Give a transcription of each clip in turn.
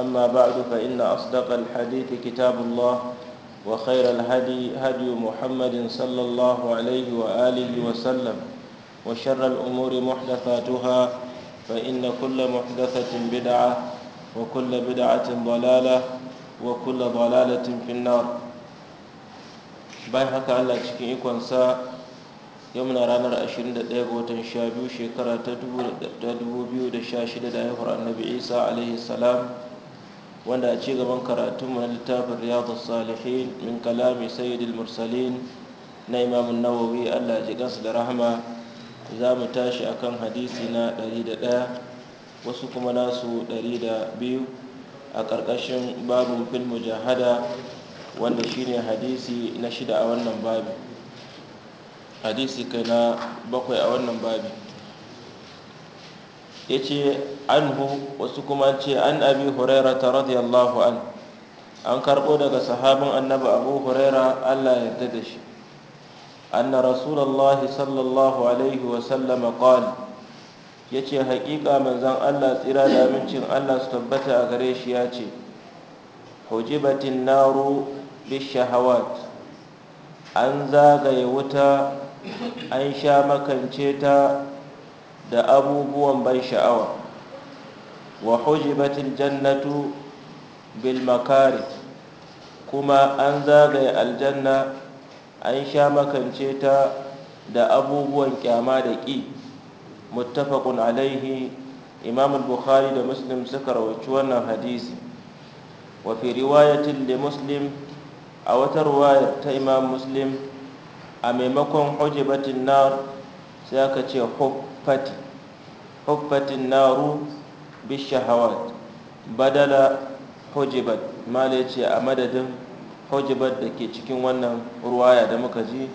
أما بعد فإن أصدق الحديث كتاب الله وخير الهدي هدي محمد صلى الله عليه وآله وسلم وشر الأمور محدثاتها فإن كل محدثة بدعة وكل بدعة ضلالة وكل ضلالة في النار بايحك على cikin ikonsa yau na ranar 21 ga watan 12 shekara ta 2016 da haihuwar annabi isa alaihi salam wanda a ci gaban karatunmu na littafin riyadus salihin min kalami sayyidil mursalin na imamun nawawi allah ji kansu da rahama za mu tashi akan hadisi na 101 wasu kuma nasu 102 a ƙarƙashin babin fil mujahada wanda shine hadisi na shida a wannan babi hadisi kai na bakwai a wannan babi ya anhu wasu kuma ce an abi ta radiyallahu an an karbo daga sahabin annabi abu huraira Allah yarda da shi na Rasulallah sallallahu alaihi wa sallama ya ce haƙiƙa manzan Allah tsira da amincin Allah su tabbata a gare shi ya ce hujibatin naru bishahawat an zagaye wuta an sha makance ta da abubuwan ban sha'awa wa hujibatil jannatu bil makari kuma an zagaye aljanna an sha makance ta da abubuwan kyama da ƙi muttafaqun alaihi imam bukhari da muslim suka rawaci wannan hadisi wa fi riwayatin da muslim a wata riwayar ta imam muslim a maimakon hujibatin nar sai aka ce huffatin naru bishahawat badala hujibat mala ya ce a madadin hujibat da ke cikin wannan ruwaya da muka ji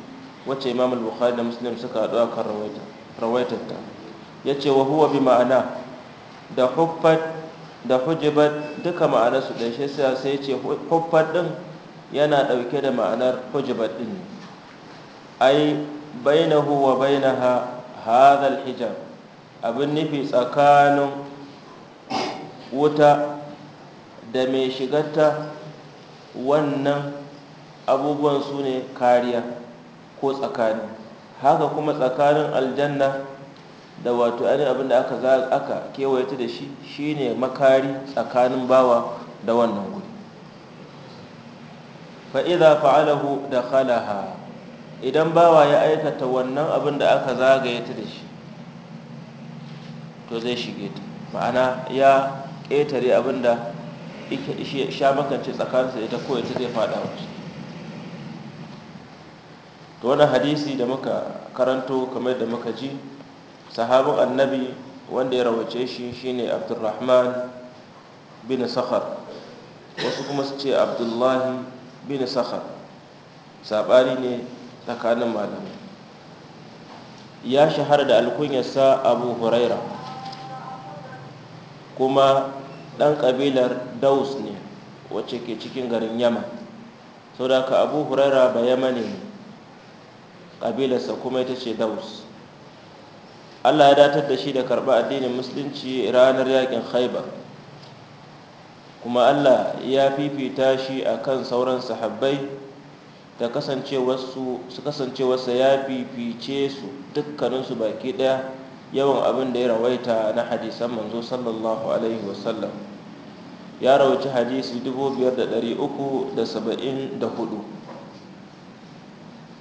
wacce imam al-bukhari da muslim suka haɗu akan rawaitarta ya ce wa huwa bi ma'ana da huffat da hujibat duka ma'anarsu da shi sai ce hufad ɗin yana ɗauke da ma'anar hujibat ɗin ne ai bainahu wa bainaha hadha al-hijab abin nufi tsakanin wuta da mai shigarta wannan abubuwan su ne kariya ko tsakani haka kuma tsakanin aljanna da wato ainihin abin da aka aka kewaye da shi shine makari tsakanin bawa da wannan guri Fa'iza idza fa'alahu khalaha, idan bawa ya aikata wannan abin da aka zagaye ta da shi to zai shige ta ma'ana ya ƙetare abinda sha makance tsakaninsa ita ko ita zai fada wasu to wani hadisi da muka karanto kamar da muka ji sahabin annabi wanda ya rawace shi shine abdulrahman bin sakhar wasu kuma su ce abdullahi bin sakhar saɓani ne tsakanin malamai ya shahara da alkunyarsa abu huraira kuma ɗan ƙabilar daus ne wacce ke cikin garin yama sau da ka abu huraira ba yama ne ƙabilarsa kuma ita ce daus allah ya datar da shi da karɓa addinin musulunci ranar yakin haiba kuma allah ya fifita shi a kan sauran sahabbai da kasancewarsa ya fifice su dukkaninsu baki ɗaya yawan abin da ya rawaita na hadisan manzo sallallahu alaihi wasallam ya rawaci hadisi 5374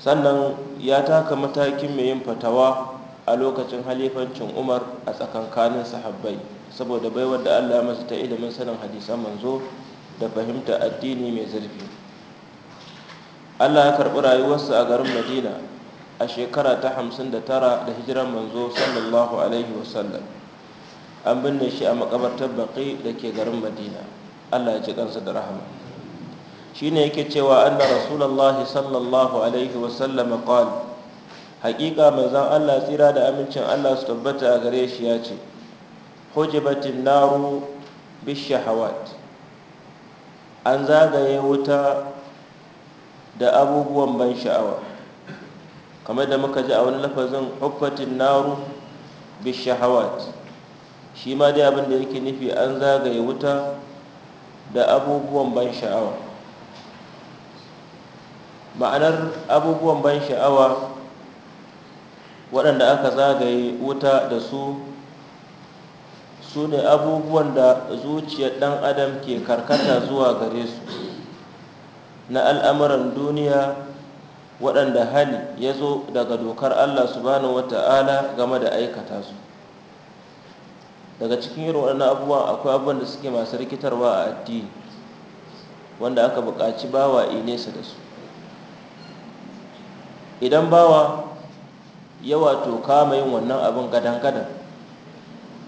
sannan ya taka matakin mai yin fatawa a lokacin halifancin umar a tsakankanin sahabbai saboda baiwar da allah masu ta ilimin sanin hadisan manzo da fahimta addini mai zurfi allah ya karɓi rayuwarsa a garin madina a shekara ta hamsin da tara da hijiran manzo sallallahu alaihi wasallam an binne shi a makabartar baƙi da ke garin madina allah ya ci kansa da rahama shine yake cewa anna rasulullahi sallallahu alaihi wasallam qala haƙiƙa manzon allah tsira da amincin allah su tabbata a gare shi ya ce hujibatin naru bishahawat an zagaye wuta da abubuwan ban sha'awa kamar da muka ji a wani lafazin huffatin naru bishahawat shi ma dai abin da yake nufi an zagaye wuta da abubuwan ban sha'awa ma'anar abubuwan ban sha'awa waɗanda aka zagaye wuta da su su ne abubuwan da zuciyar ɗan adam ke karkata zuwa gare su na al'amuran duniya waɗanda hali ya zo daga dokar Allah subhanahu ta'ala) game da aikata su daga cikin irin waɗannan abubuwan akwai abubuwan da suke masu rikitarwa a addini wanda aka buƙaci bawa nesa da su idan bawa yawa to kama yin wannan abin gadan-gadan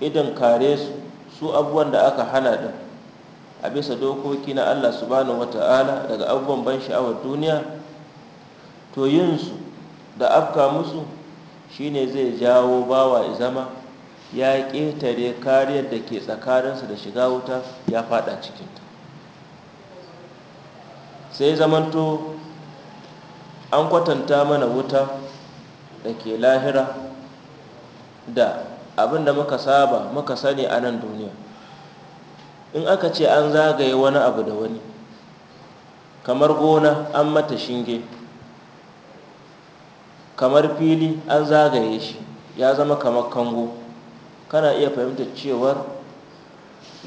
idan kare su su abubuwan da aka hana din a bisa dokoki na Allah subhanahu wata'ala daga abubuwan ban sha'awar duniya to yin su da afka musu shine zai jawo bawa zama ya ƙetare kariyar da ke tsakaninsa da shiga wuta ya fada cikinta sai zamanto an kwatanta mana wuta da ke lahira da abin da muka saba muka sani a nan duniya in aka ce an zagaye wani abu da wani kamar gona an mata shinge kamar fili an zagaye shi ya zama kamar kango kana iya fahimtar cewar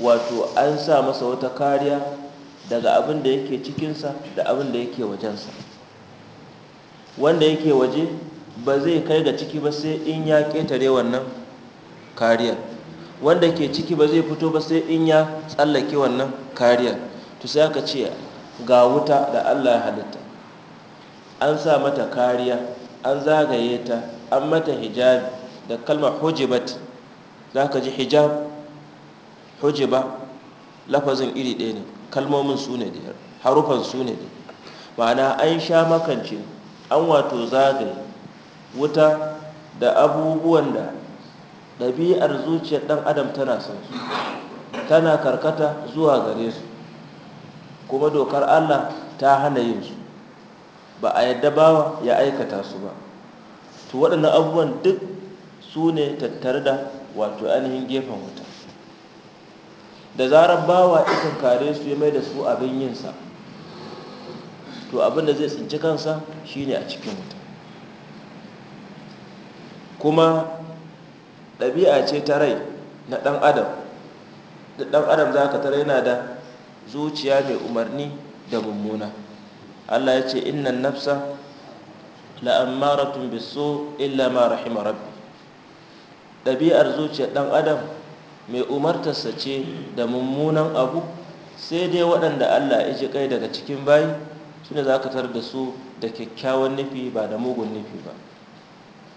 wato an sa masa wata kariya daga abin da yake cikinsa da abin da yake wajensa wanda yake waje ba zai kai ga ciki ba sai in ya ƙetare wannan kariyar wanda ke ciki ba zai fito ba sai in ya tsallake wannan kariyar to sai aka ce ga wuta da allah ya halitta an sa mata kariya an zagaye ta an mata hijabi da kalmar hujibat za ka ji hijab hujiba lafazin iri ɗaya ne kalmomin su ne da harufan su ne da ma'ana an sha makance an wato zagaye wuta da abubuwan da ɗabi'ar zuciyar ɗan adam tana son su tana karkata zuwa gare su kuma dokar allah ta hana yin su ba a yadda bawa ya aikata su ba to waɗannan abubuwan duk su ne tattare da wato ainihin gefen wuta da zarar bawa ikon kare su ya mai da su abin yinsa to abin da zai tsinci kansa shine a cikin wuta kuma ɗabi'a ce ta rai na ɗan adam da ɗan adam za ka tara yana da zuciya mai umarni da mummuna Allah ya ce innan nafsa la'ammaratun bisu illa ma rahima rabbi ɗabi'ar zuciyar ɗan adam mai umartarsa ce da mummunan abu sai dai waɗanda Allah ya ji kai daga cikin bayi su ne za ka tar da su da kyakkyawan nufi ba da mugun nufi ba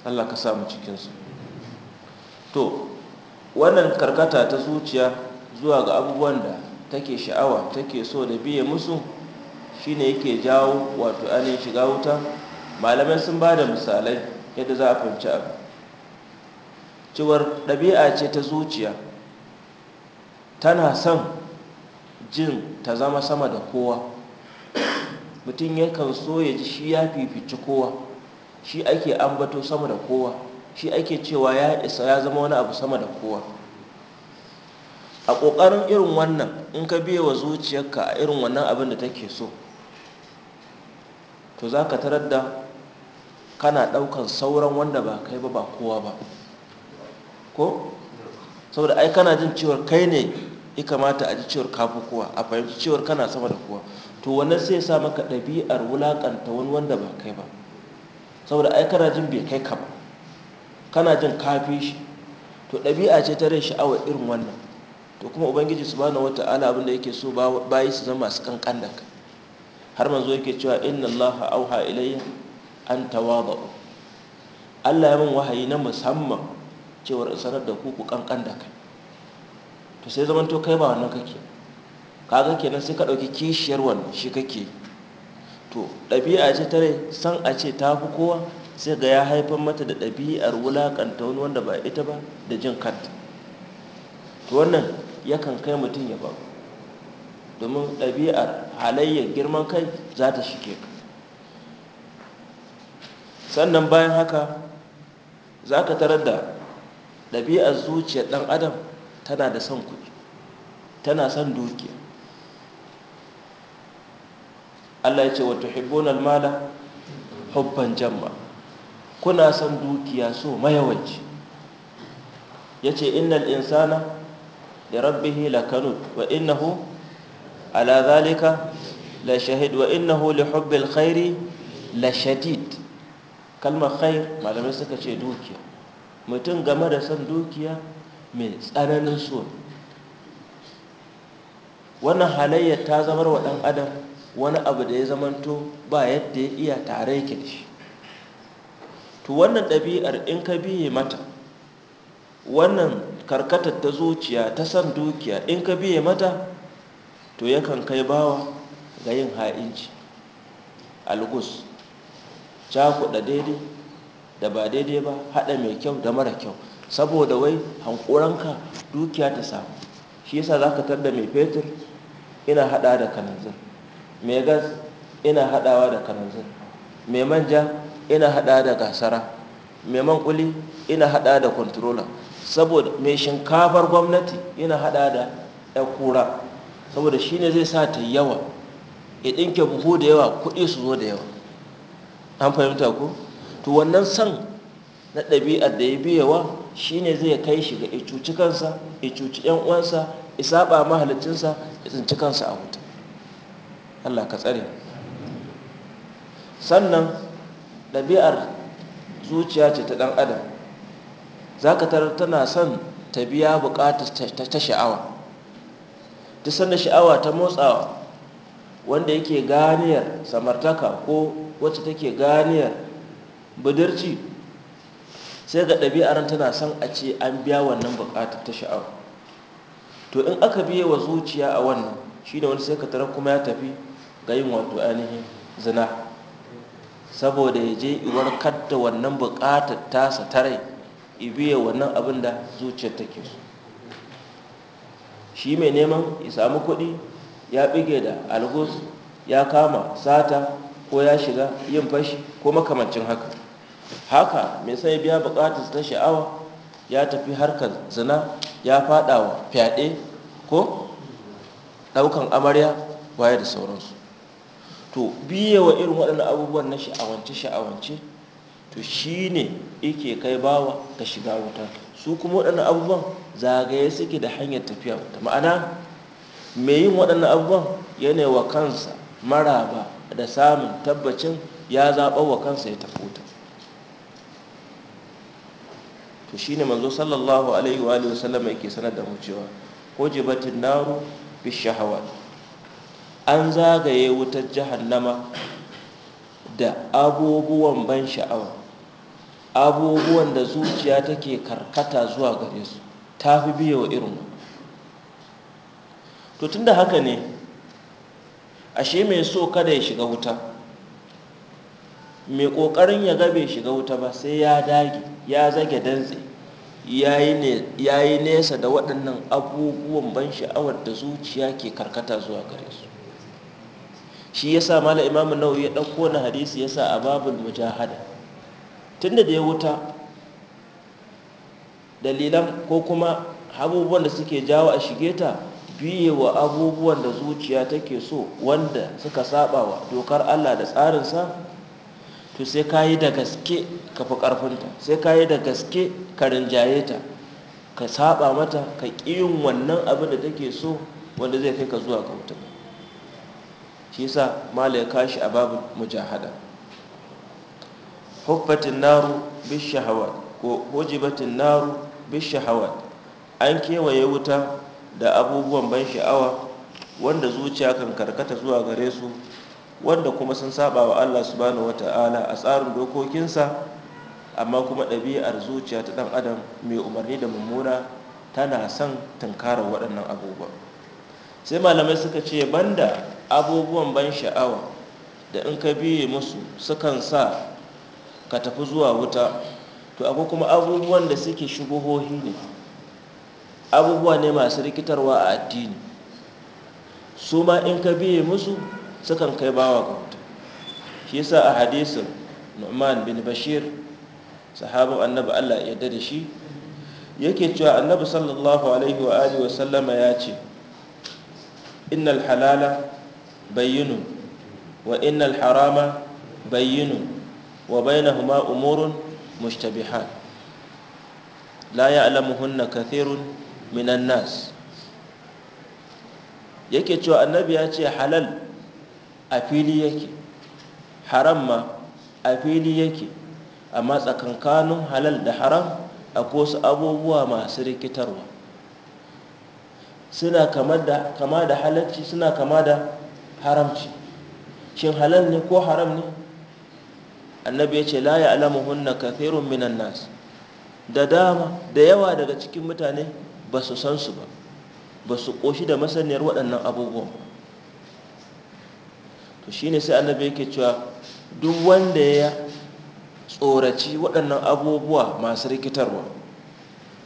Allah ka samu cikinsu to wannan karkata ta zuciya zuwa ga abubuwan da take sha'awa take so da biye musu shine yake jawo wato ainihin shiga wuta malamai sun ba da misalai yadda za a fahimci abu cewar ɗabi'a ce ta zuciya tana son jin ta zama sama da kowa mutum yakan so ya ji shi ya fifici kowa shi ake ambato sama da kowa shi ake cewa ya isa ya zama wani abu sama da kowa a ƙoƙarin irin wannan in ka biya wa zuciyarka a irin wannan abin da take so to za ka tarar da kana daukan sauran wanda ba kai ba ba kowa ba ko saboda ai kana jin cewar kai ne ya kamata a ji cewar kafi kowa a fahimci cewar kana sama da kowa to wannan sai sa maka ɗabi'ar wulaƙanta wani wanda ba kai ba saboda ai kana jin bai kai ka ba kana jin kafi shi to ɗabi'a ce ta rai sha'awar irin wannan to kuma ubangiji su wata ala abinda yake so bayi su zama masu kankan da kai har manzo yake cewa inna allaha auha ilayya an tawada Allah ya mun wahayi na musamman cewar sanar da ku ku kankan da kai to sai zaman to kai ba wannan kake kaga kenan sai ka dauki kishiyar wannan shi kake to ɗabi'a ce tare san a ce ta fi kowa sai ga ya haifar mata da ɗabi'ar wulakanta wani wanda ba ita ba da jin kanta to wannan yakan kai mutum ya babu domin ɗabi'ar halayyar girman kai za ta shige ka sannan bayan haka za ka tarar da ɗabi'ar zuciyar ɗan adam tana da son kuɗi tana son dukiya Allah ya ce wata hibbonar mala hubban jamma kuna son dukiya so mayawanci ya ce innal insana da rabbihi lakanut wa innahu ala zalika la shahid wa innahu li hubbil khairi la shadid kalmar khair malamai suka ce dukiya mutum game da son dukiya mai tsananin su. wannan halayyar ta zamar wa ɗan adam wani abu da ya zamanto ba yadda ya iya tare yake da shi to wannan ɗabi'ar in ka biye mata wannan karkatar ta zuciya ta son dukiya in ka biye mata to yakan kai bawa ga yin ha'inci algus cakuɗa daidai da ba daidai ba haɗa mai kyau da mara kyau saboda wai hankuranka dukiya ta samu shi yasa za ka tarda mai fetur ina haɗa da kananzir mai gas ina haɗawa da kananzir mai manja ina haɗa da gasara mai man ina haɗa da kwantarola saboda mai shinkafar gwamnati ina haɗa da ya kura saboda shi ne zai sa ta yawa ya ɗinke buhu da yawa kuɗi su zo da yawa an fahimta ku? to wannan san na ɗabi'ar da ya biyawa shi ne zai kai shi ga icuci kansa icuci yan uwansa isaɓa mahalicinsa ya tsinci kansa a wuta allah ka tsare sannan ɗabi'ar zuciya ce ta ɗan adam za ka tarar tana son ta biya buƙatar ta sha'awa ta sanda sha'awa ta motsawa wanda yake ganiyar samartaka ko wacce take ganiyar budurci sai ga ɗabi'ar tana son a ce an biya wannan buƙatar ta sha'awa to in aka biye wa zuciya a wannan shi da wani sai ka tara kuma ya tafi ga yin wato ainihin zina saboda ya je iwar kadda wannan buƙatar tasa tarai ibiye wannan abin da zuciyar take so shi mai neman ya samu kuɗi ya bige da algus ya kama sata ko ya shiga yin fashi ko makamancin haka haka mai sai biya bukatar ta sha'awa ya tafi harkar zina ya wa fyaɗe ko ɗaukan amarya waye da sauransu to biye wa irin waɗannan abubuwan na sha'awance sha'awance to shi ne ike kai bawa ka shiga wuta su kuma waɗannan abubuwan zagaye suke da hanyar tafiya ta ma'ana mai yin waɗannan abubuwan yana wa kansa maraba da samun tabbacin ya zaɓa wa kansa ya tafi wuta to shine manzo sallallahu alaihi wa alihi wasallam yake sanar da mu cewa hujibatin naru bi shahawat an zagaye wutar jahannama da abubuwan ban sha'awa abubuwan da zuciya take karkata zuwa gare su ta fi biya wa irin to tun da haka ne ashe mai so kada ya shiga wuta mai kokarin ya gabe shiga wuta ba sai ya dage ya zage dantse ya yi nesa da waɗannan abubuwan ban sha'awar da zuciya ke karkata zuwa gare su shi ya sa mala imamu nau'i ya ɗauko na hadisi yasa a babul mujahada tunda da ya wuta dalilan ko kuma abubuwan da suke jawo a shige ta biye wa abubuwan da zuciya take so wanda suka saba wa dokar Allah da tsarinsa to sai ka yi da gaske ka fi ƙarfinta sai ka yi da gaske ka rinjaye ta ka saba mata ka ƙiyin wannan abin da take so wanda zai kai ka zuwa ga wuta shi yasa mala ya kashi a babin mujahada hubbatin naru bishahawat ko hujibatin naru bishahawat an kewaye wuta da abubuwan ban sha'awa wanda zuciya kan karkata zuwa gare su wanda kuma sun saba wa Allah subhanahu wata'ala a tsarin dokokinsa amma kuma ɗabi'ar zuciya ta ɗan adam mai umarni da mummuna tana son tunkarar waɗannan abubuwa sai malamai suka ce banda abubuwan ban sha'awa da in ka biye musu sukan sa ka tafi zuwa wuta to akwai kuma abubuwan da suke shubuhohi ne abubuwa ne masu rikitarwa a addini su ma in ka biye musu sukan kai bawa ga wuta shi yasa a hadisin nu'man bin bashir sahabin annabi Allah ya yarda da shi yake cewa annabi sallallahu alaihi wa alihi wa sallama ya ce innal halala bayyinu wa innal harama bayyinu wa huma umurun mushtabihat la ya'lamuhunna kathirun minan nas yake cewa annabi ya ce halal a fili yake haram ma a fili yake amma tsakankanin halal da haram a wasu abubuwa masu rikitarwa suna kama da halarci suna kama da haramci shin halal ne ko haram ne annabi ya ce la hunna kafirun minan nas da dama da yawa daga cikin mutane ba su san su ba ba su koshi da masaniyar waɗannan abubuwan to shine sai annabi yake cewa duk wanda ya tsoraci waɗannan abubuwa masu rikitarwa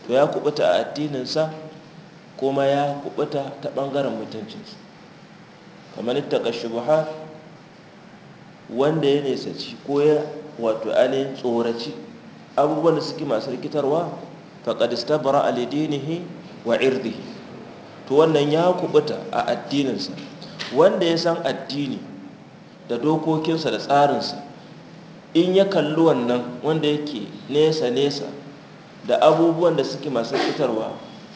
to ya kubuta a addininsa kuma ya kubuta ta ɓangaren mutuncinsa kamar ittaka buhari. wanda ya nesaci ko ya wato ainihin tsoraci abubuwan da suke masu rikitarwa faƙadista bara, alidinihi wa irdihi to wannan ya kubuta a addininsa wanda ya san addini da dokokinsa da tsarinsa in ya kalli wannan wanda yake nesa-nesa da abubuwan da suke masu rikitarwa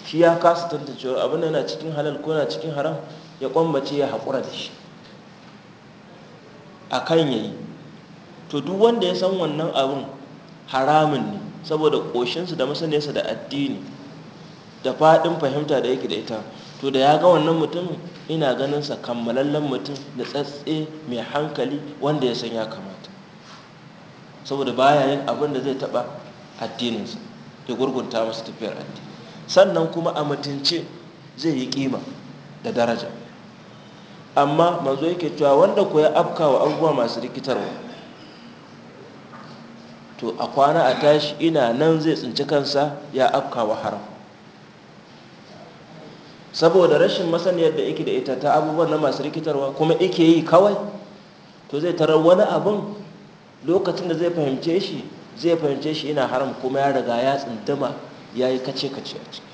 shi ya kasa tantacewa abin yana cikin halal ko yana cikin haram ya kwambace ya haƙura da shi a kan yayi to duk wanda ya san wannan abin haramun ne saboda ƙoshinsu da masaniyarsa da addini da faɗin fahimta da yake da ita to da ya ga wannan mutumin ina ganin sa kammalallen mutum da tsatse mai hankali wanda ya san ya kamata saboda baya yin abin da zai taɓa addininsa ya gurgunta masu tafiyar addini sannan kuma a mutunce zai yi ƙima da daraja amma manzo yake cewa wanda ko ya afka wa abubuwa masu rikitarwa to a kwana a tashi ina nan zai tsinci kansa ya afka wa haram saboda rashin masaniyar da yake da ita ta abubuwan na masu rikitarwa kuma yake yi kawai to zai tarar wani abin lokacin da zai fahimce shi zai fahimce shi ina haram kuma ya riga ya tsintuma ya yi kace-kace a ciki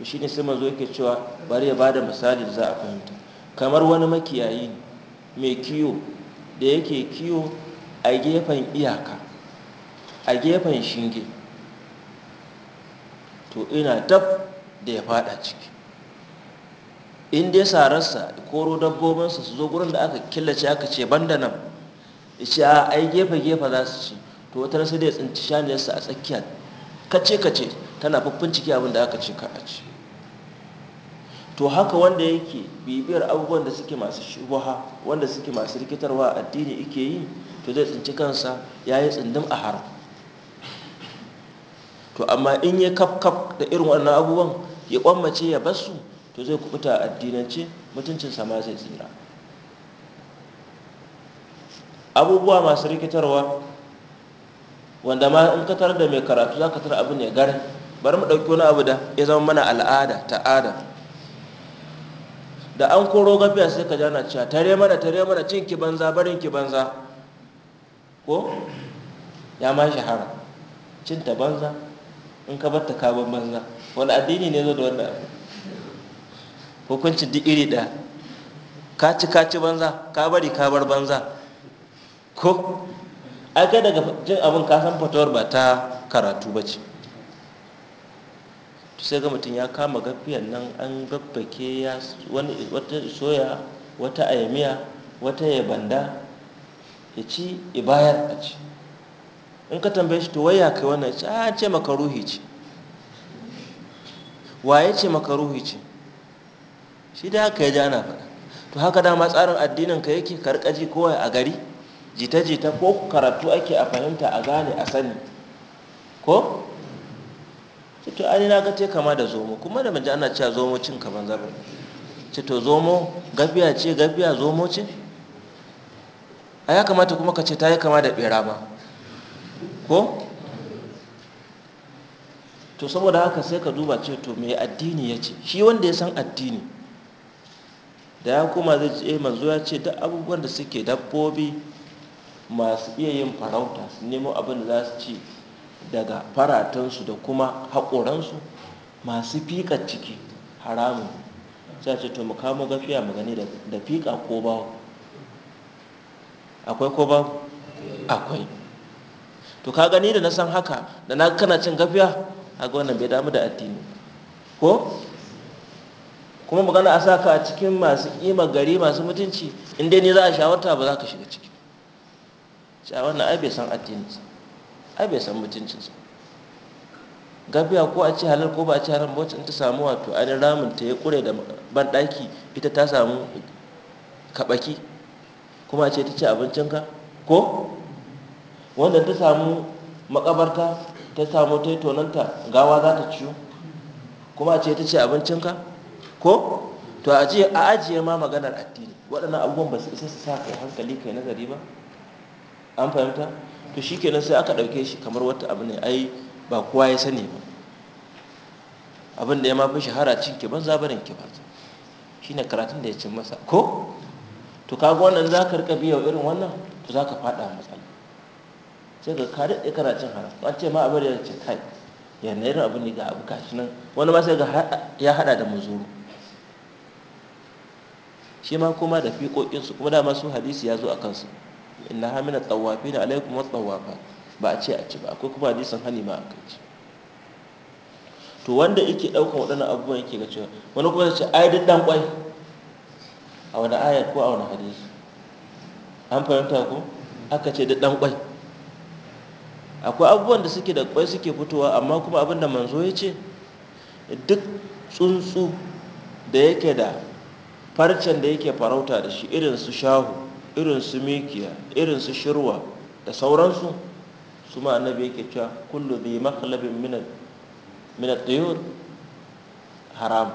to shine sai mazo yake cewa bari ya bada misali da za a fahimta kamar wani makiyayi mai kiyo da yake kiyo a gefen iyaka a gefen shinge to ina taf da ya fada ciki in dai sararsa koro dabbobinsa su zo gurin da aka killace aka ce banda nan ce a ai gefe gefe za su ci to wata sai da ya tsinci shaniyarsa a tsakiya kace kace tana fafin abin da aka ce ka ce to haka wanda yake bibiyar abubuwan da suke masu shubuha wanda suke masu rikitarwa addini ike yi to zai tsinci kansa ya yi tsindin a haram to amma in yi kafkaf da irin wannan abubuwan ya kwammace ya basu to zai kubuta addinance mutuncinsa ma zai tsira abubuwa masu rikitarwa wanda ma in ka da mai karatu za ka tara abin ya gari? bari mu ɗauki wani abu da ya zama mana al'ada ta ada. da an koro gafiya sai ka jana cewa tare mana tare mana cin ki banza barin ki banza ko ya ma shahara cin ta banza in ka bar ta kaban banza wani addini ne zo da wannan abu hukuncin duk iri ɗaya ka ci ka ci banza ka bari ka bar banza ko ai kai daga jin abin ka san fatawar ba ta karatu ba ce to sai ga mutum ya kama gafiyan nan an babbake ya wani wata soya wata ayamiya wata yabanda ya ci ya bayar a ci in ka tambaye shi to waya kai wannan ci a ah, ce maka ruhi ce waye ce maka ruhi ce shi da haka ya ji ana faɗa to haka dama tsarin addinin ka yake karkaji kowai a gari jita-jita ko karatu ake a fahimta a gane a sani ko to ani na ga te kama da zomo kuma da manja ana cewa zomo cin ka banza ba ce to zomo gafiya ce gafiya zomo ce a ya kamata kuma ka ce ta yi kama da bera ba ko to saboda haka sai ka duba ce to mai addini ya ce shi wanda ya san addini da ya kuma zai ce eh, mazu ya ce da abubuwan da suke dabbobi masu iya yin farauta su nemo abin da za su ci daga faratansu da kuma haƙoransu masu fiƙa ciki haramun sai ce to mu gafiya mu gani da fiƙa ko bawo akwai ko bawo akwai to ka gani da na san haka da na kana cin gafiya a ga wannan bai damu da addini ko kuma magana a sa ka a cikin masu ƙima gari masu mutunci inda ne za a shawarta ba za ka shiga ciki a wannan ai bai san addini ai bai san su gabiya ko a ce halar ko ba a ce haram wacce in ta samu wato ainihin ramin ta ya kure da banɗaki ita ta samu kaɓaki kuma a ce ta ce abincinka ko wanda ta samu makabarta ta samu ta yi tonanta gawa za ta ciyo kuma a ce ta ce abincinka ko to a ajiye ma maganar addini waɗannan abubuwan ba su isa su sa kai hankali kai nazari ba an fahimta to shikenan sai aka ɗauke shi kamar wata abu ne ai ba kowa ya sani ba abin da ya mafi shahara cin ban zabarin ki ba shi shine karatun da ya cin masa ko to kaga wannan za ka rika biya irin wannan to za ka faɗa matsala sai ka ka daɗe karatun haram ba ce ma abin da ya ce kai na irin abin ne ga abu kashi nan wani ma sai ga ya haɗa da muzuru shi ma kuma da fiƙoƙinsu kuma dama su hadisi ya zo a kansu inna hamina na alaikum wa tawafa ba a ce a ci ba akwai kuma hadisin hali ma aka ci to wanda yake ɗauka waɗannan abubuwan yake ga cewa wani kuma ce ai duk dan kwai a wani ayar ko a wani hadisi an fahimta ko aka ce duk dan kwai akwai abubuwan da suke da kwai suke fitowa amma kuma abin da manzo ya ce duk tsuntsu da yake da farcen da yake farauta da shi irin su shahu irin su mikiya irin su shirwa da sauransu su ma annabi yake cewa kullu bi makhlabin min at-tuyur haram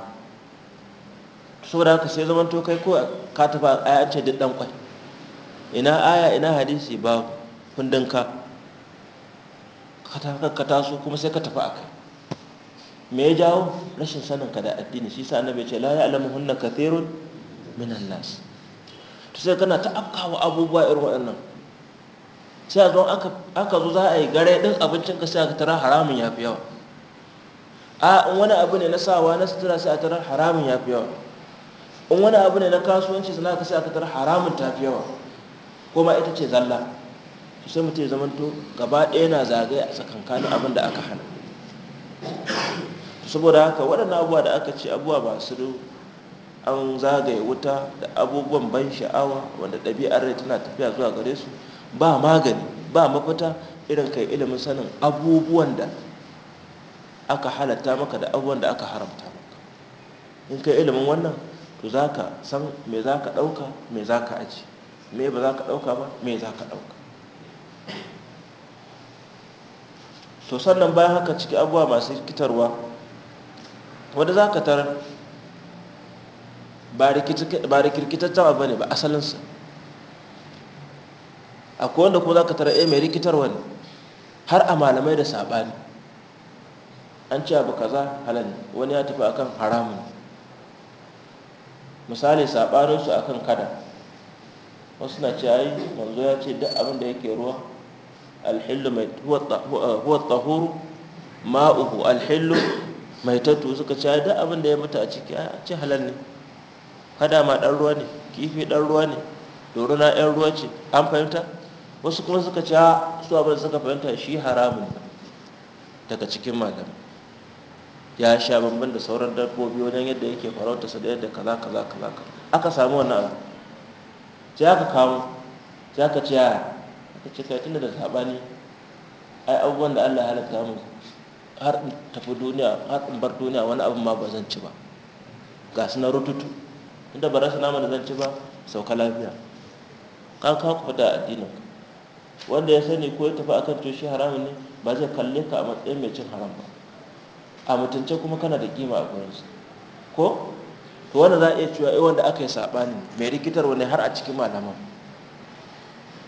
da haka sai zaman to kai ko ka tafa a ce duk dan kwai ina aya ina hadisi ba kundinka? ka kata taso kuma sai ka tafi kai. me ya jawo rashin sanin ka da addini shi sa annabi ya ce la ya'lamu hunna kathirun minan nas to sai kana ta afkawa abubuwa irin waɗannan sai a zo aka zo za a yi gare ɗin abincin ka sai aka tara haramun ya fi yawa a in wani abu ne na sawa na sutura sai a tara haramun ya fi yawa in wani abu ne na kasuwanci suna ka sai aka tara haramun ta fi yawa ko ma ita ce zalla su sai mutum ya to gaba ɗaya na zagaye a tsakankanin abin da aka hana saboda haka waɗannan abubuwa da aka ce abubuwa ba su an zagaye wuta da abubuwan ban sha'awa wanda ɗabi'ar rai tana tafiya zuwa gare su ba magani ba mafita irin kai ilimin sanin abubuwan da aka halatta maka da abubuwan da aka haramta maka in kai ilimin wannan to za ka san me za ka ɗauka me za ka aji me ba za ka ɗauka ba me za ka ɗauka to sannan bayan haka ciki abubuwa masu kitarwa wanda za ka tarar ba rikirkitattawa ba ne ba asalinsa akwai wanda kuma za ka tara eh, mai rikitarwa ne har a malamai da saɓani an ce abu kaza halal wani ya tafi akan haramun misali su akan kada wasu na ce ai manzo ya ce duk abin da yake ruwa alhillu mai huwa tsahuru ma'uhu alhillu mai tattu suka ce duk abin da ya mutu a ciki a ce halal ne ma ɗan ruwa ne kifi ɗan ruwa ne na ɗan ruwa ce an fahimta wasu kuma suka ci su abin suka fahimta shi haramun daga cikin malam ya sha bambam da sauran dabbobi wajen yadda yake farauta su da yadda kaza kaza kaza aka samu wannan abu sai aka kamo sai aka ce yaya aka ce kai tunda da saɓani ai abubuwan da allah ya halatta mu har in tafi duniya har in bar duniya wani abu ma ba zan ci ba ga su na rututu inda ba rasa nama da zan ci ba sauka lafiya kan ka ku da addinin wanda ya sani ko ya tafi akan to shi haramun ne ba zai kalle ka a matsayin mai cin haram ba a mutunce kuma kana da kima a su ko to wanda za a iya cewa wanda aka yi saɓani mai rikitar wani har a cikin malaman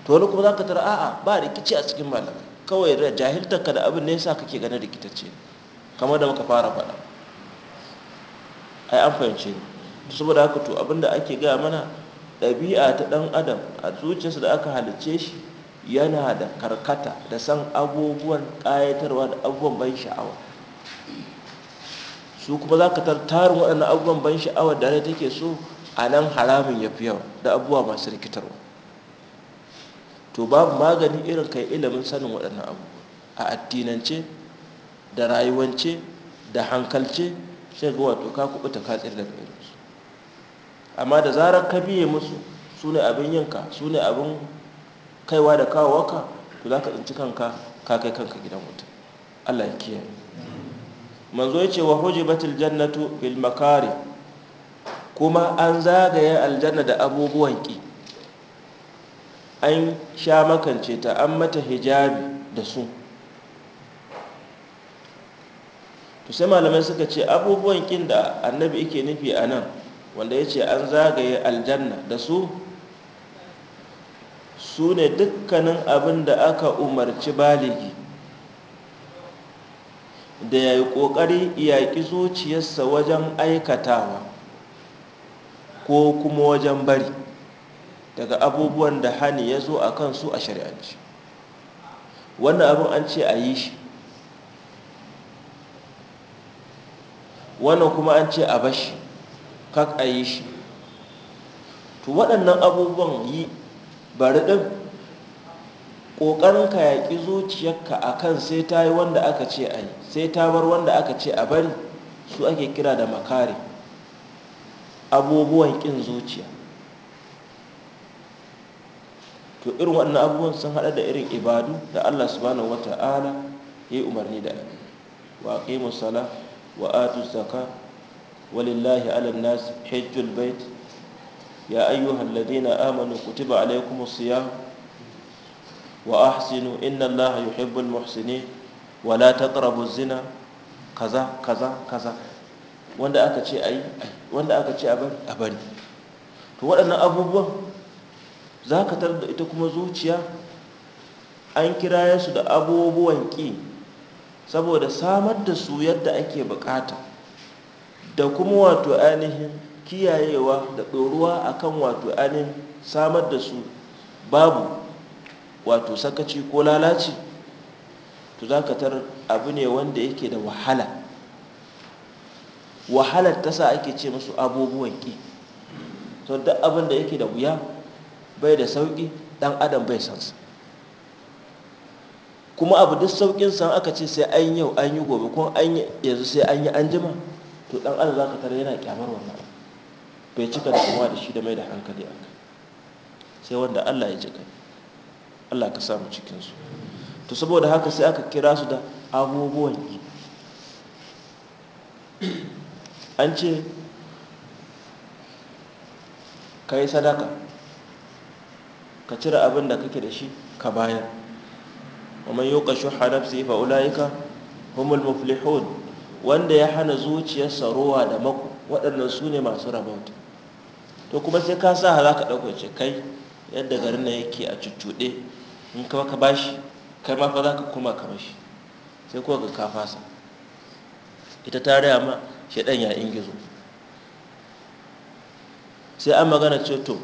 to wani kuma za ka tara a'a ba rikici a cikin malaman kawai da ka da abin ne sa kake ganin rikitacce kamar da muka fara faɗa ai an fahimce ni saboda haka to abinda ake gaya mana ɗabi'a ta ɗan adam a zuciyarsa da aka halicce shi yana da karkata da san abubuwan ƙayatarwa da abubuwan ban sha'awa su kuma za ka tarin waɗannan abubuwan ban sha'awa da rai take so a nan haramin ya fi yawa da abubuwa masu rikitarwa to babu magani irin kai ilimin sanin waɗannan abubuwa a addinance da rayuwance da hankalce sai ga wato ka kuɓuta katsir da irin amma da zarar ka biye musu su ne abin yinka su ne abin kaiwa da kawowarka to za ka tsinci kanka ka kai kanka gidan wuta allah ya kiyaye manzo ya ce wa hujibatul jannatu bil makari kuma an zagaye aljanna da abubuwan ki an sha makance ta an mata hijabi da su to sai malamai suka ce abubuwan kin da annabi yake nufi a nan wanda ya ce an zagaye aljanna da su su ne dukkanin abin da aka umarci baligi da ya yi ƙoƙari yaƙi zuciyarsa wajen aikatawa ko kuma wajen bari daga abubuwan da hani ya zo a kansu a shari'anci wannan abin an ce a yi shi wannan kuma an ce a bashi kak a yi shi to waɗannan abubuwan yi bari ɗin ƙoƙarin ka yaƙi zuciyarka a kan sai ta yi wanda aka ce a yi sai ta bar wanda aka ce a bari su ake kira da makare abubuwan ƙin zuciya to irin waɗannan abubuwan sun haɗa da irin ibadu da allah subhanahu wata'ala ya yi umarni da wa aqimu sala wa atu zaka ولله على الناس حج البيت يا أيها الذين آمنوا كتب عليكم الصيام وأحسنوا إن الله يحب المحسنين ولا تقربوا الزنا كذا كذا كذا wanda aka ce a wanda aka ce a bari a bari to waɗannan abubuwan za ka da ita kuma zuciya an kiraye su da abubuwan ƙi saboda samar da su yadda ake bukata da kuma wato ainihin kiyayewa da ɗoruwa akan wato ainihin samar da su babu wato sakaci ko lalaci to za ka tar abu ne wanda yake da wahala wahalar tasa ake ce musu abubuwan ƙi to duk abin da yake da wuya bai da sauƙi ɗan adam bai sansa kuma abu duk sauƙin san aka ce sai an yau an yi gobe kuma an yanzu sai an yi an jima to dan adam zaka tare yana kyamar wannan bai cika da kuma da shi da mai da hankali a kai sai wanda Allah ya ji Allah ka samu cikin su to saboda haka sai aka kira su da abubuwan yi. an ce ka yi sadaka ka cire abin da kake da shi ka bayar ومن yi شح نفسه فأولئك هم المفلحون wanda ya hana zuciyarsa sarowa da maku waɗannan su ne masu rabauta to kuma sai ka sa za ka ɗaukace kai yadda garin na yake a cuccuɗe in kama ka bashi kai ma fa za ka kuma ka bashi sai kuwa ga kafasa ita ta raya ma shaɗan ya ingizo sai an magana ce to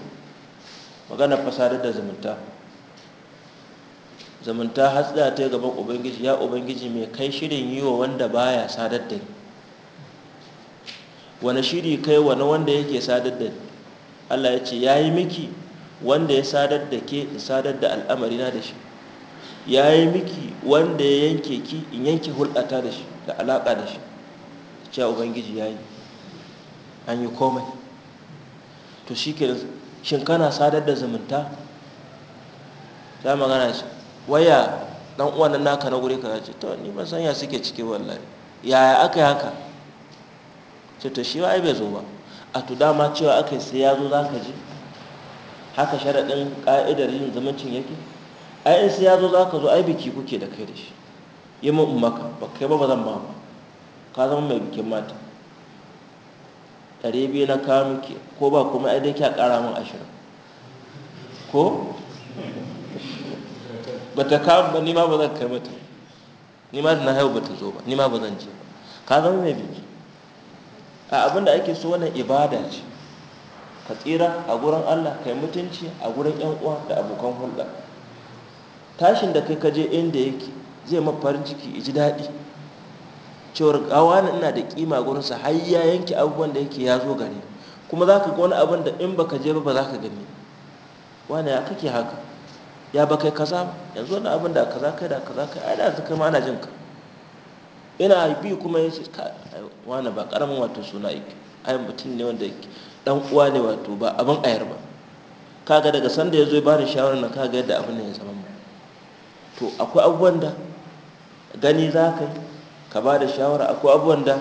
magana fasadar da zumunta zamanta hatsa ta gaban ubangiji ya ubangiji mai kai shirin yi wa wanda baya sadar da ni wani shiri kai wani wanda yake sadar da ni allah ya ce ya yi miki wanda ya sadar da ke in sadar da al'amari na da shi ya yi miki wanda ya yanke ki in yanke hulɗata da shi da alaƙa da shi cewa ubangiji ya yi an yi komai to shi ke shinkana sadar da zumunta ta magana shi waya dan uwan nan naka na gure ka ce to ni ban san ya suke ciki wallahi yaya aka yi haka ce to shi ai bai zo ba a to dama cewa aka sai ya zo zaka ji haka sharaɗin ƙa'idar yin zamancin yake ai in sai ya zo zaka zo ai biki kuke da kai da shi yi min maka ba kai ba ba zan ba ka zama mai bikin mata ɗari biyu na kawo muke ko ba kuma ai dai kya ƙara min ashirin ko ba ta kawo ba nima ba zan kai mata nima na haihu ba ta zo ba nima ba zan je ba ka zama mai biki a abinda ake so wannan ibada ce ka tsira a gurin Allah kai mutunci a gurin yan uwa da abokan hulɗa tashin da kai ka je inda yake zai ma farin ciki ji daɗi cewar gawa ina da kima gurin sa har ya yanke abubuwan da yake ya zo gare kuma zaka ga wani abin da in baka je ba ba zaka gani wani ya kake haka ya ba kai kaza yanzu wani abin da kaza kai da kaza kai ai da su kai ma ana jin ka ina bi kuma ya ce wani ba karamin wato suna yake ai mutum ne wanda dan uwa ne wato ba abin ayar ba kaga daga sanda ya zo ya bani shawarar na kaga yadda abin ne ya zama mu to akwai abubuwan da gani za ka yi ka ba da shawara akwai abubuwan da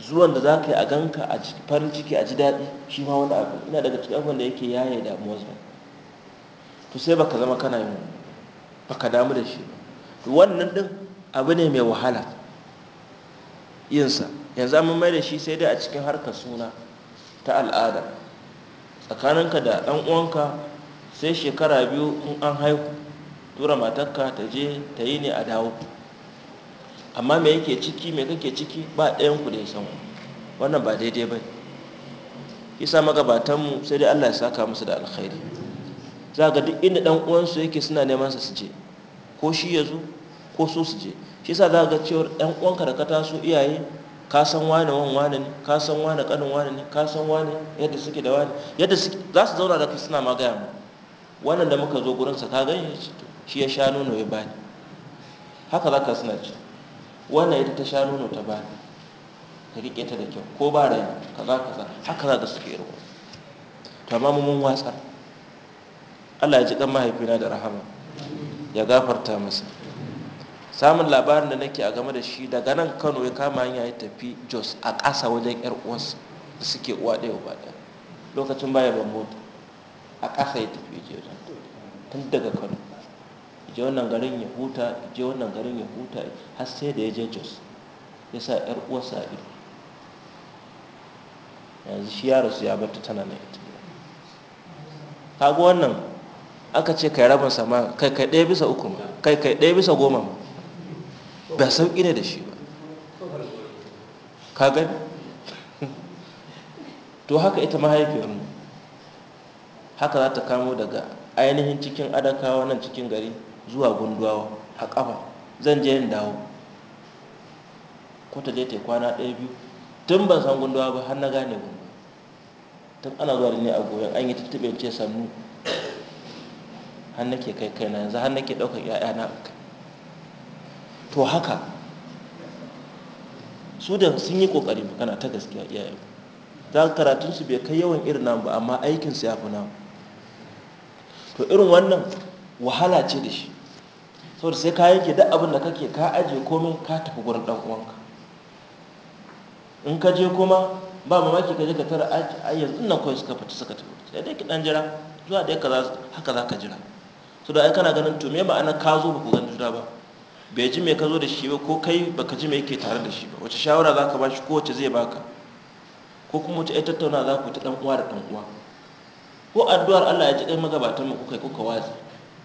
zuwan da za ka yi a ganka a farin ciki a ji daɗi shi ma wani abu ina daga cikin abubuwan da yake yaye da zuwa to sai baka zama kana yi baka damu da shi wannan din abu ne mai wahala yinsa yanzu an mai da shi sai dai a cikin harkar suna ta al'ada tsakaninka da ɗan uwanka sai shekara biyu in an haihu tura matakka ta je ta yi ne a dawo amma mai yake ciki mai kake ciki ba ɗayan ku da ya san wannan ba daidai ba kisa magabatanmu sai dai Allah ya saka musu da alkhairi za ga duk inda ɗan uwansu yake suna neman su je ko shi ya zo ko su su je shi sa za ga cewar ɗan uwanka da ka taso iyaye ka san wani wan wani ne ka san wani kanin wani ne ka san wani yadda suke da wani, yadda suke za su zauna da kai suna gaya mu wannan da muka zo sa ka gani shi ya sha nono ya bani haka za ka suna ci wannan ita ta sha nono ta bani ka riƙe ta da kyau ko ba rai kaza kaza haka za ka suke irin to amma mun watsar Allah ya ji kan mahaifina da rahama ya gafarta masa samun labarin da nake a game da shi daga nan Kano ya kama hanya ya tafi Jos a ƙasa wajen ƴar uwansa da suke uwa ɗaya uba ɗaya lokacin baya ban mota a ƙasa ya tafi je tun daga Kano je wannan garin ya huta je wannan garin ya huta har sai da ya je Jos ya sa ƴar uwansa a ido yanzu shi yaro su ya bata tana na ita kaga wannan aka ce kai rabin sama kai kai ɗaya bisa uku ma kai kai ɗaya bisa goma ma ba sauƙi ne da shi ba ka gani to haka ita mahaifiyarmu haka za ta kamo daga ainihin cikin adakawa nan cikin gari zuwa gunduwa a ƙafa zan je yin dawo ko ta je ta kwana ɗaya biyu tun ban san gunduwa ba har na gane gunduwa tun ana zuwa da ne a goyon an yi tattaɓe ce sannu har nake kai kai na, yanzu har nake ɗaukar ‘ya'yana to haka su da sun yi ƙoƙari magana ta gaskiya iyayen Karatun su bai kai yawan irin nan ba amma aikin su ya fi namu to irin wannan wahala ce da shi saboda sai ka yanke duk abin da kake ka ajiye komai ka tafi gurin dan uwanka in ka je kuma ba mamaki ka je ka tara ayyanzu yanzu nan kawai suka fita suka tafi sai dai ki dan jira zuwa da haka za ka jira su da aikana ganin to me ma'ana ka zo ba ku gani juna ba bai ji mai ka zo da shi ba ko kai baka ji mai ke tare da shi ba wace shawara za ka ba shi ko zai zai baka ko kuma wace ai tattauna za ku ta dan uwa da dan uwa ko addu'ar Allah ya ji kai magabatan mu kuka kuka wazi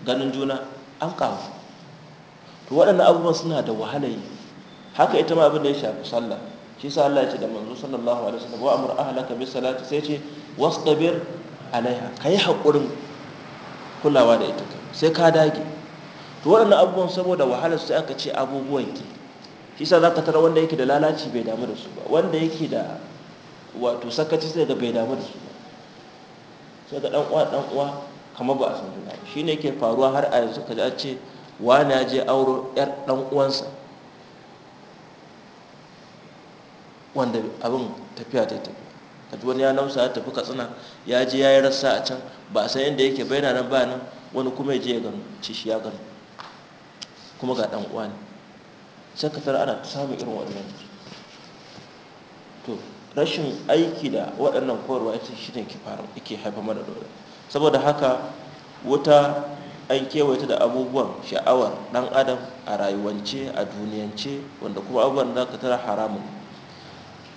ganin juna an kawo to waɗannan abubuwan suna da wahalayi haka ita ma abin da ya shafi sallah shi sa Allah ya ce da manzo sallallahu alaihi wasallam wa amur ahlaka bi salati sai ce wastabir alaiha kai haƙurin kulawa da ita sai ka dage to waɗannan abubuwan saboda wahalar su aka ce abubuwan ki shi sa za ka tara wanda yake da lalaci bai damu da su ba wanda yake da wato sakaci sai ga bai damu da su ba sai ga dan uwa dan uwa kamar ba a san juna shi ne ke faruwa har a yanzu ka ji a ce wani ya je auro yar dan uwansa wanda abin tafiya ta tafiya ka ji wani ya nausa ya tafi katsina ya je ya yi rassa a can ba a san yadda yake bai na nan ba nan wani kuma ya je ya gano shi ya gano kuma ga dan uwa ne sai ka tara ana samun irin waɗannan to rashin aiki da waɗannan ya ita shi ne ke haifar mana dole saboda haka wuta an kewaye ta da abubuwan sha'awar ɗan adam a rayuwance a duniyance wanda kuma abubuwan za ka tara haramun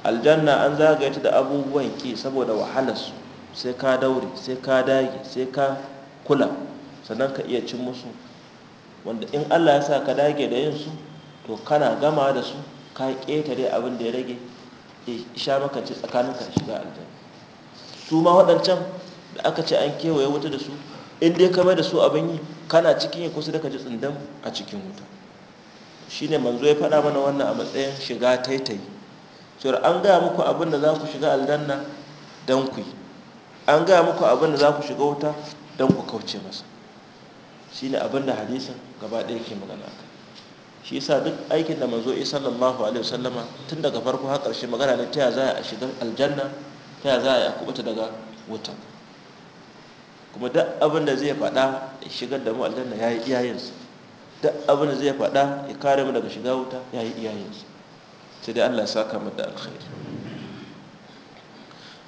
aljanna an zagaye ta da abubuwan ke saboda wahalarsu sai ka daure sai ka dage sai ka kula sannan ka iya cin musu wanda in allah ya sa ka dage da yin su to kana gama da su ka ƙetare abin da ya rage sha maka ce tsakanin ka shiga aljanna su ma waɗancan da aka ce an kewaye wuta da su in dai kamar da su abin yi kana cikin ya kusa da ka ji a cikin wuta Shi ne manzo ya faɗa mana wannan a matsayin shiga taitayi cewar an gaya muku abin da za ku shiga aljanna don ku yi an gaya muku abin da za ku shiga wuta don ku kauce masa Shi ne abin da hadisin gaba ɗaya ke magana ka shi yasa duk aikin da mazo isa sallallahu alaihi wasallama tun daga farko har ƙarshe magana ne ta za a shiga aljanna ta za a kubuta daga wuta kuma duk abin da zai faɗa ya shigar da mu aljanna ya yi iyayensa duk abin da zai faɗa ya kare mu daga shiga wuta ya yi iyayensa sai dai Allah ya saka mu da alkhairi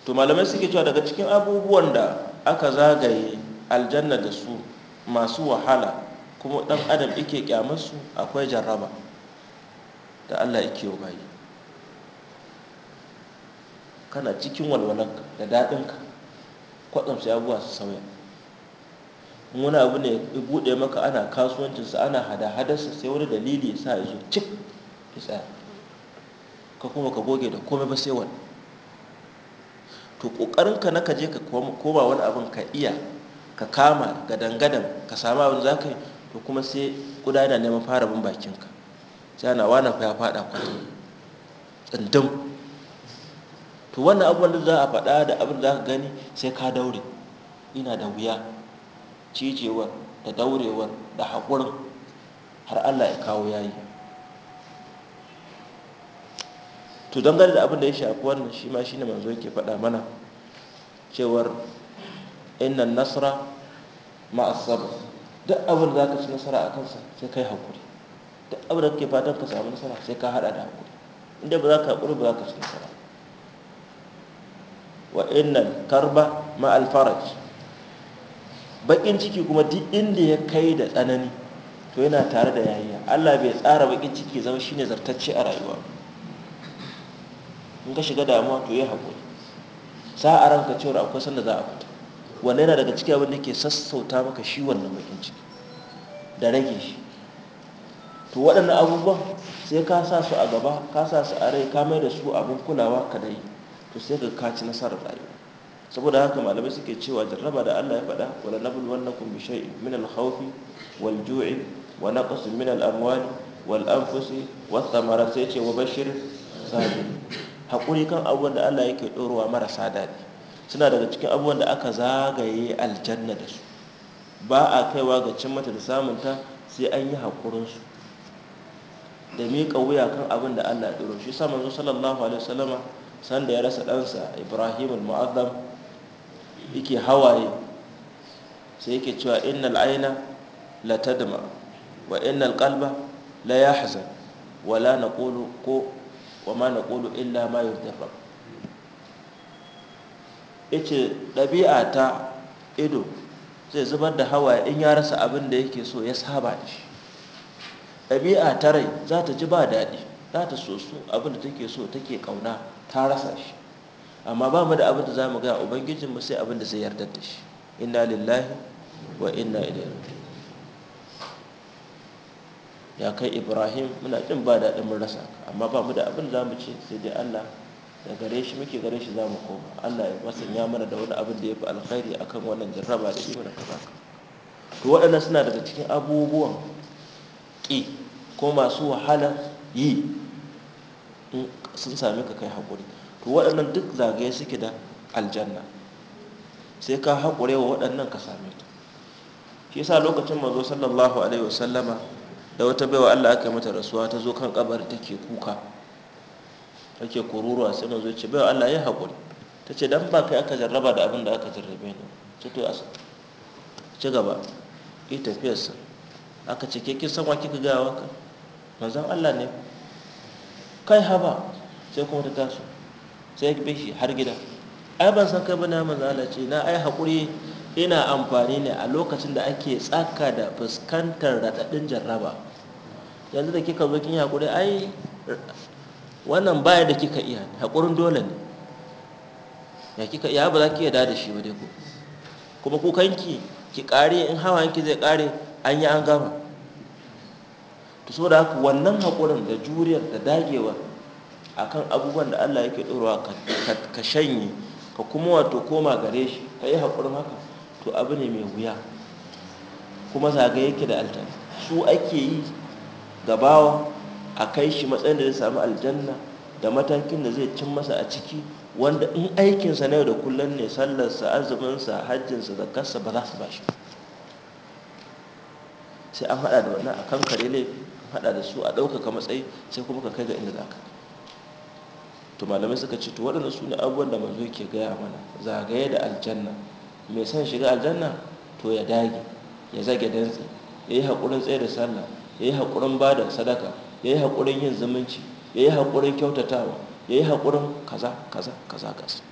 to malamai suke cewa daga cikin abubuwan da aka zagaye aljanna da su masu wahala kuma dan adam yake kyamarsu akwai jaraba. da Allah yake bayi kana cikin walwalanka da daɗinka kwaɗansu ya su sauya muna abu ne ya buɗe maka ana kasuwancinsa ana hada-hadarsa sai wani dalili ya sa ya zo cik ya tsaya ka kuma ka goge da komai ba sai wani to ƙoƙarinka na kaje ka koma wani abin ka iya ka kama gadangadan ka samu abin za ka yi to kuma sai kuda yana neman fara bin bakinka sai ana wana ya fada kwato tsindin to wannan abubuwan da za a faɗa da abin za ka gani sai ka daure ina da wuya cijewar da daurewar da haƙurin har allah ya kawo yayi to dangane da abin da ya shafi wannan shi ma shi manzo yake faɗa mana cewar innan nasara ma'as sabr duk abin da zaka ci nasara a kansa sai kai hakuri duk abin da kake fatan ka samu nasara sai ka hada da hakuri inda ba za ka hakuri ba za ka ci nasara wa inna karba ma'al faraj bakin ciki kuma duk inda ya kai da tsanani to yana tare da yayiya Allah bai tsara bakin ciki zama shine zartacce a rayuwa in ka shiga damuwa to yi hakuri sa a ranka cewa akwai sanda za a wanda yana daga ciki abin da ke sassauta maka shi wannan bakin ciki da rage shi to waɗannan abubuwan sai ka sa su a gaba ka sa su a rai ka mai da su abin kulawa ka dai to sai ka kaci nasarar rayuwa saboda haka malamai suke cewa jarraba da Allah ya faɗa wala nabul wannakum bi shay'in min al-khawf wal ju'i wa naqsin min al-amwali wal anfusi wath thamarat sai ce wa bashir sabi hakuri kan abubuwan da Allah yake dorowa marasa daɗi suna daga cikin abubuwan da aka zagaye aljanna da su ba a kaiwa ga cin mata da samunta sai an yi haƙurinsu da miƙa wuya kan abin da allah ya ɗoro shi sa manzo sallallahu alaihi wasallama sanda ya rasa ɗansa ibrahim al-mu'azzam yake hawaye sai yake cewa innal aina la tadma wa innal qalba la yahzan wa la naqulu ko wa ma naqulu illa ma yurdi rabb yace ɗabi'a ta ido zai zubar da hawaye in ya rasa abin da yake so ya saba da shi ɗabi'a ta rai za ta ji ba daɗi za ta so su abin da take so take ƙauna ta rasa shi amma ba mu da abin da za mu gaya ubangijinmu sai abin da zai yarda da shi inna lillahi wa inna ilaihi ya kai ibrahim muna jin ba daɗin mun rasa amma ba mu da abin da za mu ce sai dai allah da gare shi muke gare shi za mu koma allah ya masanya mana da wani abin da ya fi alkhairi akan wannan jarraba da shi ka baka. to waɗannan suna daga cikin abubuwan ƙi ko masu wahala yi in sun sami ka kai haƙuri to waɗannan duk zagaye suke da aljanna sai ka haƙure wa waɗannan ka same ta shi yasa lokacin manzo sallallahu alaihi wasallama da wata baiwa Allah aka mata rasuwa ta zo kan kabar take kuka kake kururuwa sai manzo ya ce bai Allah ya haƙuri ta ce dan ba kai aka jarraba da abin da aka jarrabe ne ce to as ci gaba yi eh, tafiyarsa aka ce ke kin san wa kika gaya waka manzon Allah ne kai haba sai kuma ta taso sai ya bi shi har gida ai ban san kai bane manzon Allah ce na ai haƙuri ina amfani ne a lokacin da ake tsaka da fuskantar raɗaɗin jarraba yanzu da kika zo kin haƙuri ai wannan baya da kika iya haƙurin dole ne ya kika iya ba za ki yada da shi ba dai ko kuma kukanki ki ƙare in yanki zai ƙare an yi an gama Ta so da haka wannan haƙurin da juriyar da dagewa akan abubuwan da Allah yake ɗorawa ka shanye ka kuma wato koma gare shi ka yi haƙurin haka to abu ne mai wuya kuma zagaye yake da altar su ake yi gabawa a kai shi matsayin da zai samu aljanna da matakin da zai cin masa a ciki wanda in aikinsa na yau da kullum ne sallarsa azuminsa hajjinsa kasa ba za su ba shi sai an hada da wannan a kan kare laifi an hada da su a ɗaukaka matsayi sai kuma ka kai ga inda za ka to malamai suka ce to waɗanda su ne abubuwan da manzo ke gaya mana zagaye da aljanna mai son shiga aljanna to ya dage ya zage dantse ya yi haƙurin tsaye da sallah ya yi haƙurin ba da sadaka ya yi haƙurin yin zumunci ya yi haƙurin kyautatawa ya yi haƙurin kaza kaza kaza kaza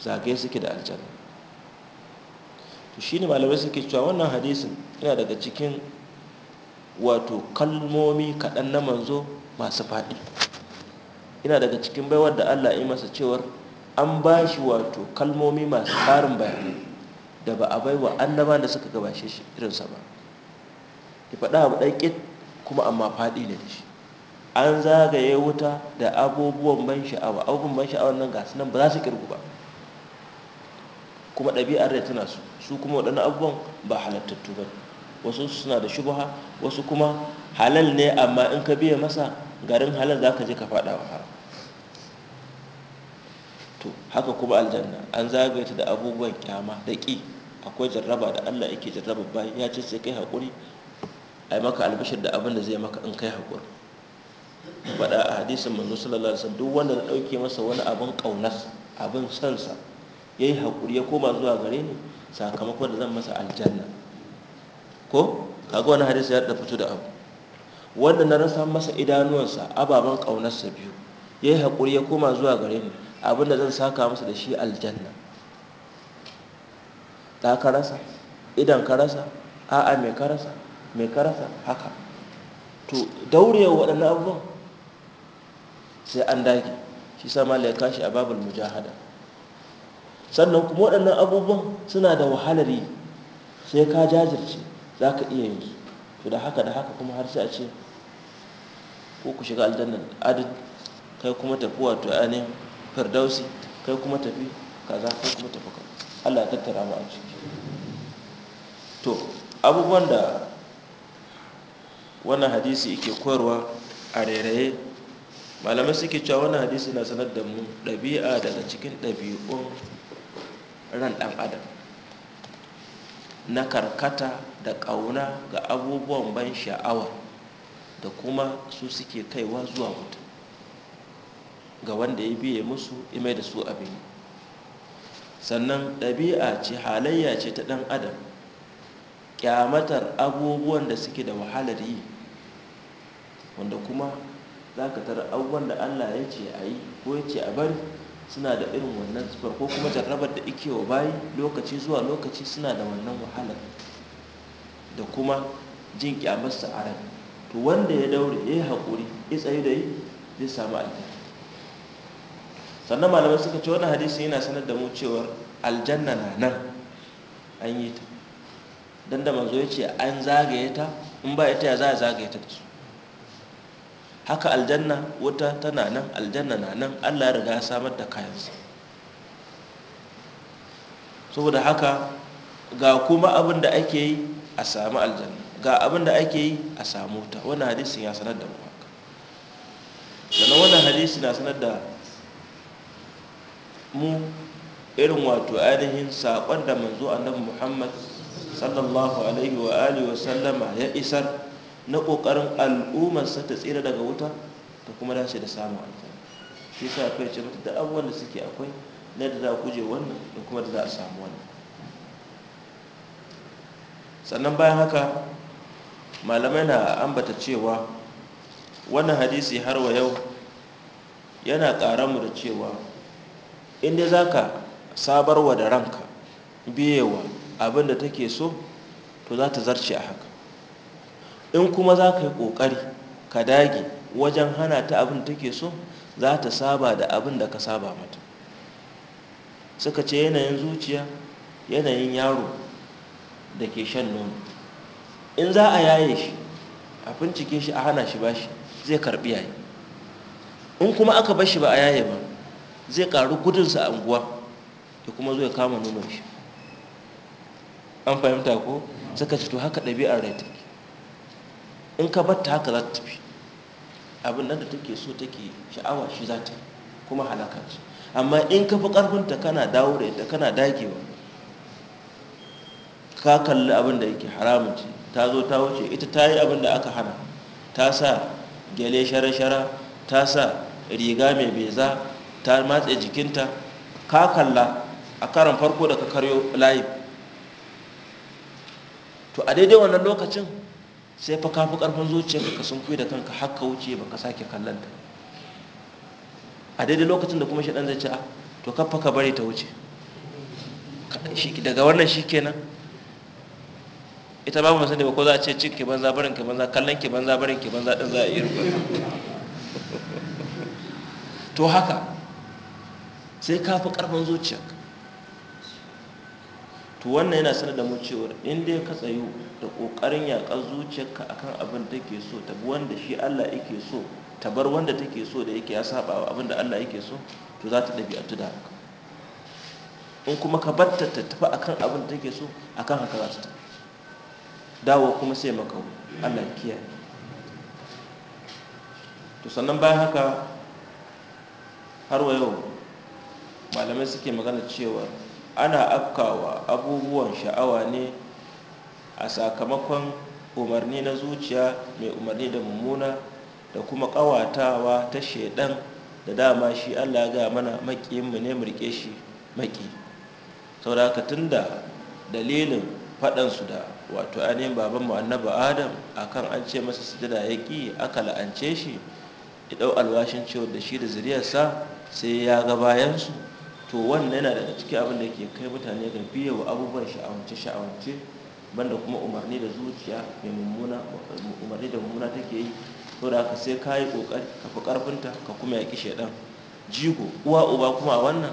zage suke da aljanna to shi ne malamai suke cewa wannan hadisin yana daga cikin wato kalmomi kaɗan na manzo masu faɗi yana daga cikin baiwar da allah ya masa cewar an ba shi wato kalmomi masu ƙarin bayani da ba a baiwa wa annaba da suka gabashe shi irinsa ba ya faɗa abu ɗan kuma amma faɗi ne da shi an zagaye wuta da abubuwan ban sha'awa abubuwan ban sha'awa nan gasu nan ba za su kirgu ba kuma ɗabi'ar rai tana su su kuma waɗannan abubuwan ba halattattu ba wasu suna da shubaha wasu kuma halal ne amma in ka biya masa garin halal za ka je ka faɗa wa haram to haka kuma aljanna an zagaye ta da abubuwan kyama da ƙi akwai jarraba da allah yake jarraba bayan ya ce sai kai haƙuri ai maka albishir da abin da zai maka in kai haƙuri faɗa a hadisin manzo sallallahu alaihi wasallam duk wanda na ɗauke masa wani abin ƙaunar abin sansa ya yi haƙuri ya koma zuwa gare ni sakamakon da zan masa aljanna ko kaga wani hadisi ya da fito da abu wanda na rasa masa idanuwansa ababen ƙaunarsa biyu ya yi haƙuri ya koma zuwa gare ni abin da zan saka masa da shi aljanna ɗa ka rasa idan ka rasa a'a mai ka rasa mai karasa haka to daurewa waɗannan abubuwan sai an dage shi sama ya kashi a babul mujahada sannan kuma waɗannan abubuwan suna da wahalar yi sai ka jajirce za ka iya yi. to da haka da haka kuma har sai a ce ko ku shiga aljannan adin kai kuma tafi wato ainihin firdausi kai kuma tafi kaza kai kuma tafi kan allah ya tattara mu a ciki to abubuwan da wannan hadisi yake koyarwa a rairaye malamai suke cewa wannan hadisi na sanar da mu ɗabi'a daga cikin ɗabi'un ran ɗan adam na karkata da ƙauna ga abubuwan ban sha'awa da kuma su suke kaiwa zuwa mutum ga wanda ya biye musu imai da su abin sannan ɗabi'a ce halayya ce ta ɗan adam Ƙyamatar abubuwan da suke da wahalar yi wanda kuma za ka tara abubuwan da allah ya ce a yi ko ya ce a bari suna da irin wannan tsufar ko kuma jarrabar da ike wa bayi lokaci zuwa lokaci suna da wannan wahalar da kuma jin kyamarsa a ran to wanda ya daure ya yi haƙuri ya tsaye da yi zai samu aljanna sannan malamai suka ce wannan hadisi yana sanar da mu cewar aljanna na nan an yi ta don da manzo ya ce an zagaye ta in ba ita ya za a zagaye ta da su haka aljanna wuta tana nan aljanna na nan allah ya riga ya samar da kayansa saboda haka ga kuma abin da ake yi a samu aljanna ga abin da ake yi a samu ta, wani hadisi ya sanar da haka sannan wani hadisi na sanar da mu irin wato ainihin saƙon da manzo annabi muhammad sallallahu alaihi wa alihi wa sallama ya isar na ƙoƙarin al'ummarsa ta tsira daga wuta ta kuma dace da samun alfani shi sa kai ce mata da abubuwan da suke akwai na da za a guje wannan da kuma da za a samu wannan sannan bayan haka malamai na ambata cewa wannan hadisi har wa yau yana ƙara mu da cewa inda za ka sabarwa da ranka biyewa abin da take so to za ta zarce a haka in kuma za ka yi ƙoƙari ka dage wajen hana ta abin take so za ta saba da abin da ka saba mata suka ce yanayin zuciya yanayin yaro da ke shan nono in za a yaye shi a bincike shi a hana shi bashi zai karbi yayi in kuma aka bar shi ba a yaye ba zai karu gudunsa a unguwa da kuma zai kama nonon shi an fahimta ko suka ce to haka ɗabi'ar rai in ka batta haka za ta tafi abin nan da take so take sha'awa shi za ta kuma halaka ce amma in ka fi ƙarfinta kana dawo da ita kana dagewa ka kalli abin da yake haramun ce ta zo ta wuce ita ta yi abin da aka hana ta sa gyale shara-shara ta sa riga mai beza ta matse jikinta ka kalla a karon farko da ka karyo layi to a daidai wannan lokacin sai fa kafi karfin zuciyarka ka sun da kanka haka wuce ba ka sake kallon ta a daidai lokacin da kuma shaɗan zai ce a ah, to kafa ka bari ta wuce daga wannan shi kenan ita ba mu sani ba ko za a ce cin ke banza barin ke banza kallon ke banza barin ke banza din za a iya rubuta to haka sai kafi karfin zuciyarka to wannan yana sanar da mu cewa in dai ka tsayu da kokarin yakar zuciyarka akan abin da take so ta bi wanda shi Allah yake so ta bar wanda take so da yake ya saba wa abin da Allah yake so to za ta ɗabi'atu da haka in kuma ka batta ta tafi akan abin da take so akan haka za ta tafi dawo kuma sai maka Allah kiyaye to sannan bayan haka har wa yau malamai suke magana cewa ana afkawa abubuwan sha'awa ne a sakamakon umarni na zuciya mai umarni da mummuna da kuma ƙawatawa ta shaidan da dama shi allah ga mana maƙiyinmu ne mu rike shi maƙi sauraka tun da dalilin faɗansu da wato ainihin babanmu annabi adam akan an ce masa su sujada ya ƙi aka la'ance shi ya ɗau alwashin ciwo da shi da zuriyarsa sai ya ga bayansu to wannan yana da ciki abin da ke kai mutane ga biye wa abubuwan sha'awance sha'awance banda kuma umarni da zuciya mai mummuna umarni da mummuna take yi to da ka sai kayi kokari ka fi karfinta ka kuma yaki shaidan jigo uwa uba kuma wannan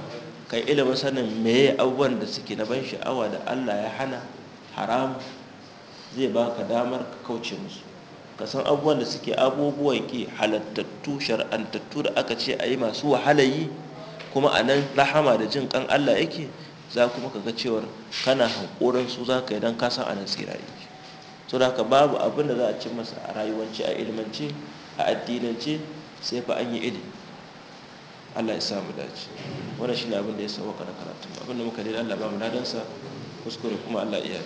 kai ilimin sanin meye abubuwan da suke na ban sha'awa da Allah ya hana haram zai baka damar ka kauce musu ka san abubuwan da suke abubuwan ki halattattu shar'antattu da aka ce a yi masu wahalayi kuma a nan rahama da jin kan Allah yake za kuma ka ga cewar kana hankoran su za ka yi don kasan a nan tsira yake so da haka babu abin da za a ci masa a rayuwanci a ilmance a addinance sai fa an yi ilimi Allah ya samu dace wannan shine abin da ya waka da karatu abin da muka dai Allah ba mu ladansa kuskure kuma Allah iya